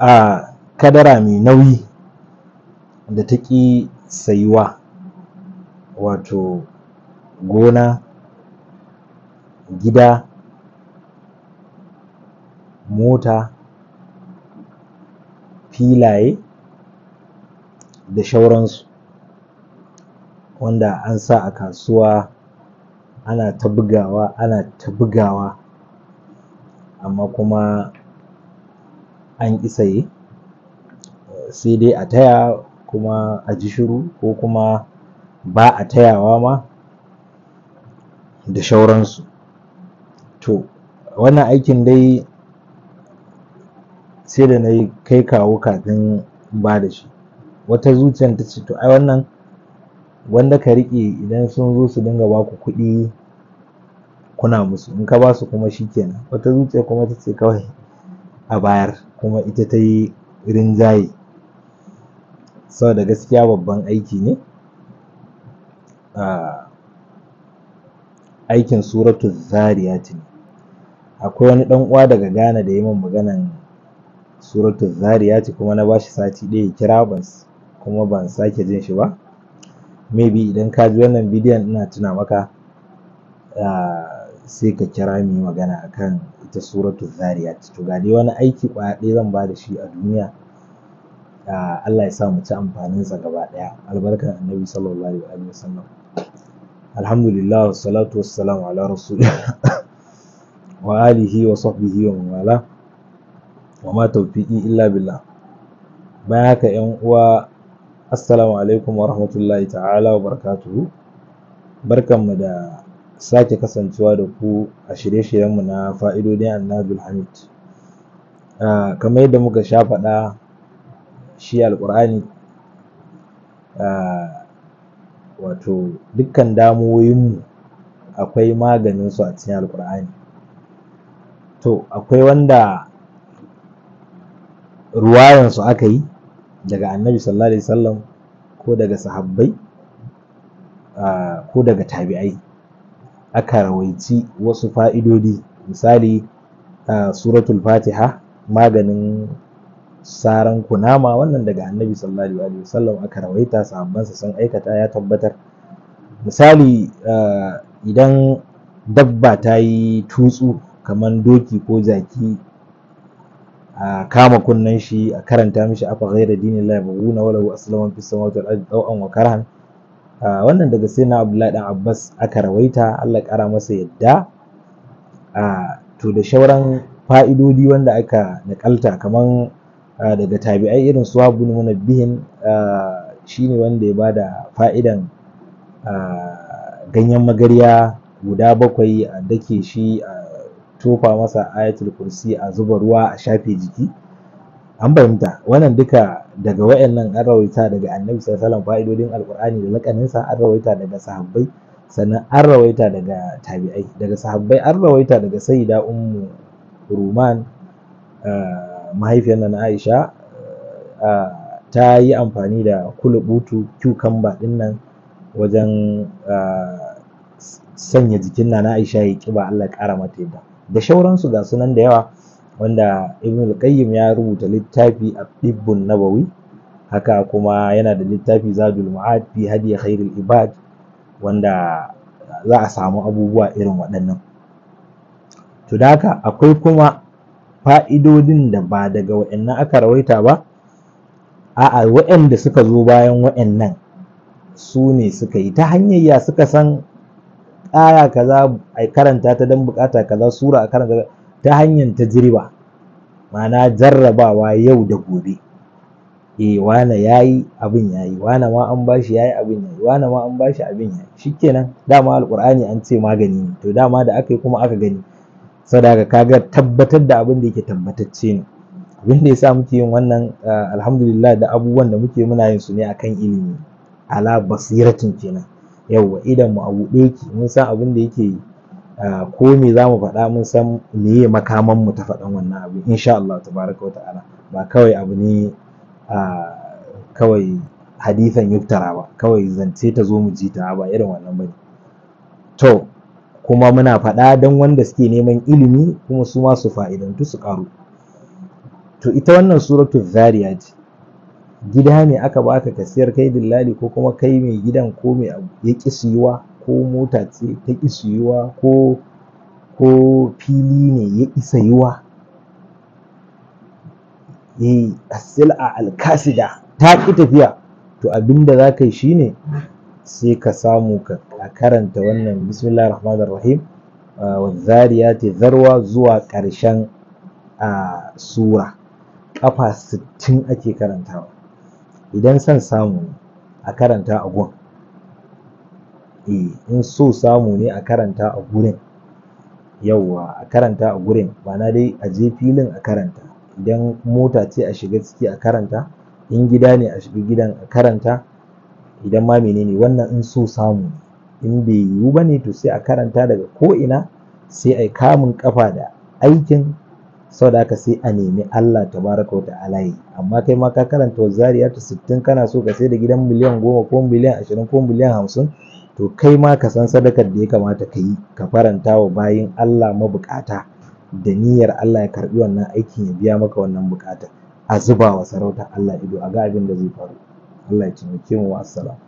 a kadara mai nauyi da ta ƙi sayuwa wato gona gida mota filaye da shauransu wanda an sa a kasuwa ana ta bugawa ana ta bugawa amma kuma an ƙi saye sai dai a taya kuma a ji shiru ko kuma ba a tayawa ma da shauransu to wannan aikin dai sai da na yi kai kawo kafin ba da shi wata zuciyar ta ce to ai wannan wanda ka riƙe idan sun zo su dinga baku kuɗi kuna musu in ka ba su kuma shikenan wata zuciya kuma ta ce kawai a bayar kuma ita ta yi rinjaye da gaskiya babban aiki ne aikin suratul zariyat ne akwai wani ɗan uwa daga Ghana da yi min maganan suratul ce, kuma na bashi sati ɗaya ya kira ban kuma ban sake jin shi ba maybe idan ka ji wannan bidiyon ina tuna maka sai ka kira mu yi magana a kan ita Suratul Zariyat. To ga dai wani aiki kwaya ɗaya zan ba da shi a duniya Allah ya sa mu ci sa gaba ɗaya albarkar annabi sallallahu alaihi sallam Alhamdulillah wassalatu wassalamu ala rasulillah wa alihi wa sahbihi wa man wala wa ma tawfiqi illa billah. Bayan haka ƴan uwa assalamu alaikum wa rahmatullahi ta'ala wa barakatuhu. Barkanmu da sake kasancewa da ku a shirye-shiryenmu na fa'idodin annabul hamid kamar yadda muka sha faɗa shi alƙur'ani wato dukkan damuwoyinmu akwai maganinsu a cikin alƙur'ani to akwai wanda ruwayansu aka yi daga annabi sallallahu alaihi wasallam ko daga sahabbai ko daga tabi'ai aka rawaici wasu fa'idodi misali a suratul fatiha maganin saran kunama wannan daga annabi sallallahu alaihi wasallam aka rawaita sa sun aikata ya tabbatar misali idan dabba ta yi tutsu kamar doki ko zaki, a kama kunnen shi a karanta mishi afa ghaira dinillahi bughuna wala lahu aslama fis samawati wal ardi wa karahan Ah, wannan daga sai na abdullahi dan abbas aka rawaita allah kara masa yadda ah, to da shauran fa'idodi wanda aka nakalta kaman ah, daga tabi'ai irin su abu munabbihin shine wanda ya bada fa'idan ganyen magarya guda bakwai a dake shi a tofa masa ayatul kursi a zuba ruwa a shafe jiki an fahimta wannan duka daga wayannan an rawaita daga annabi sallallahu alaihi fa'idodin alqur'ani da lakaninsa an rawaita daga sahabbai sannan an rawaita daga tabi'ai daga sahabbai an rawaita daga sayyida ummu ruman ah, mahaifiyar nan aisha ah, ta yi amfani da kulubutu cucumber din nan wajen ah, sanya jikin na aisha ya ƙiba Allah ya kara mata yadda da shauransu ga sunan da yawa wanda ibn al-qayyim ya rubuta littafi a tibbun nabawi haka kuma yana da littafi zadul ma'ad fi hadi khairul ibad wanda za a samu abubuwa irin waɗannan to da haka akwai kuma fa'idodin da ba daga waɗannan aka rawaita ba a'a waɗanda suka zo bayan waɗannan su ne suka yi ta hanyar ya suka san ƙara kaza a karanta ta don bukata kaza sura a karanta ta hanyar tajriba ma'ana jarrabawa yau da gobe eh wane yayi abin yayi wane ma an bashi yayi abin yayi wane ma an bashi abin yayi shikenan dama alqur'ani an ce magani ne to dama da aka yi kuma aka gani saboda kaga tabbatar da abin da yake tabbatacce ne abin da yasa muke yin wannan ah, alhamdulillah da abubuwan da muke muna yin su ne akan ilimi ala basiratin kenan yawwa idan mu abu ɗaya mun san abin da yake Ah, ko me za mu faɗa mun san meye makaman mu ta faɗan wannan abu insha Allah tabaraka wa ta'ala ba kawai abu ne ah, kawai hadithan yuktara ba kawai zance ta zo mu ji ta ba irin wannan bane to kuma muna faɗa don wanda suke neman ilimi kuma su ma su fa'idantu su karu to ita wannan suratul zariyat gida ne aka baka ka siyar kai dillali ko kuma kai mai gidan ko mai abu ya ƙi ko mota ce ta isa siyuwa ko ko fili ne ya isa sayuwa eh asila alkasida ta ƙi tafiya to abinda za ka yi shine sai ka samu ka karanta wannan bismillahir rahmanir rahim zariya ce, zarwa zuwa ƙarshen sura ƙafa sittin ake karantawa idan son samu a karanta a gun eh in so samu ne a karanta a gurin yawwa a karanta a gurin ma'ana dai a je filin a karanta idan mota ce a shiga ciki a karanta in gida ne a shiga gidan a karanta idan ma menene wannan in so samu ne in bai yiwu ba ne to sai a karanta daga ko ina sai a kamun kafa da aikin sau da aka sai a nemi Allah ta wa ta'ala yi amma kai ma ka karanta wa zariya ta sittin kana so ka sai da gidan miliyan goma ko miliyan 20 ko miliyan hamsin? to kai ma ka san sadakar da ya kamata ka yi ka faranta wa bayin Allah mabukata da niyyar Allah ya karbi wannan aikin ya biya maka wannan bukata a zuba wa sarauta Allah ido a ga abin da zai faru Allah ya taimake mu wa assalamu